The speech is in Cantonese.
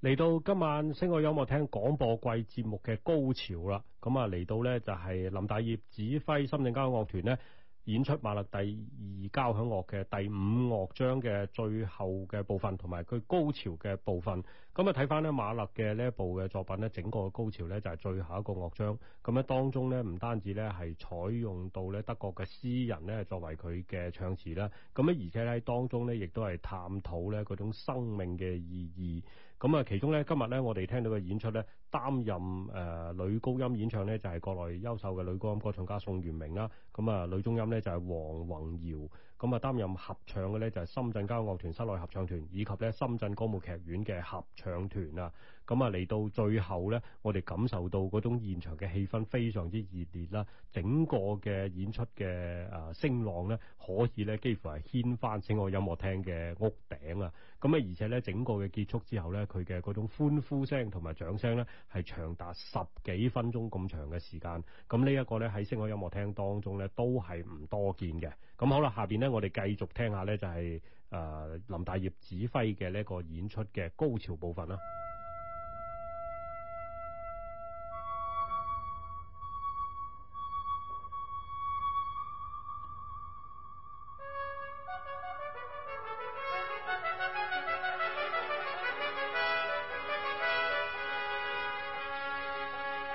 嚟到今晚星海音樂廳廣播季節目嘅高潮啦！咁啊嚟到呢就係林大葉指揮深圳交響樂團呢演出馬勒第二交響樂嘅第五樂章嘅最後嘅部分，同埋佢高潮嘅部分。咁啊睇翻呢馬勒嘅呢一部嘅作品呢，整個高潮呢就係最後一個樂章。咁咧當中呢唔單止呢係採用到呢德國嘅詩人呢作為佢嘅唱詞啦，咁咧而且喺當中呢亦都係探討呢嗰種生命嘅意義。咁啊，其中咧今日咧，我哋聽到嘅演出咧，擔任誒女高音演唱咧就係國內優秀嘅女高音歌唱家宋元明啦。咁啊，女中音咧就係王宏堯。咁啊，擔任合唱嘅咧就係深圳交響樂團室內合唱團，以及咧深圳歌舞劇院嘅合唱團啊。咁啊，嚟到最後咧，我哋感受到嗰種現場嘅氣氛非常之熱烈啦。整個嘅演出嘅誒聲浪咧，可以咧幾乎係掀翻星海音樂廳嘅屋頂啊！咁啊，而且咧整個嘅結束之後咧，佢嘅嗰種歡呼聲同埋掌聲咧，係長達十幾分鐘咁長嘅時間，咁呢一個咧喺星海音樂廳當中咧都係唔多見嘅。咁好啦，下邊咧我哋繼續聽下咧就係誒林大葉指揮嘅呢個演出嘅高潮部分啦。